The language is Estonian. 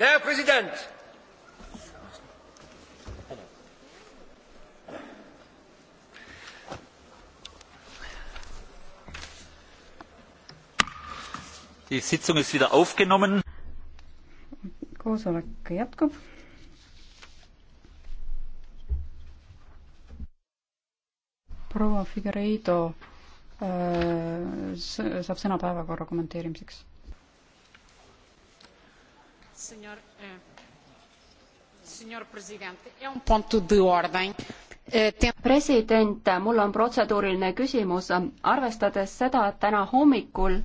Herr Präsident! Die Sitzung ist wieder aufgenommen. Koosolek jätkub. proua Figueiredo äh, saab sõna päevakorra kommenteerimiseks Senhor, eh, senhor presidente, é um ponto de ordem eh, president, mul on protseduuriline küsimus. arvestades seda, et täna hommikul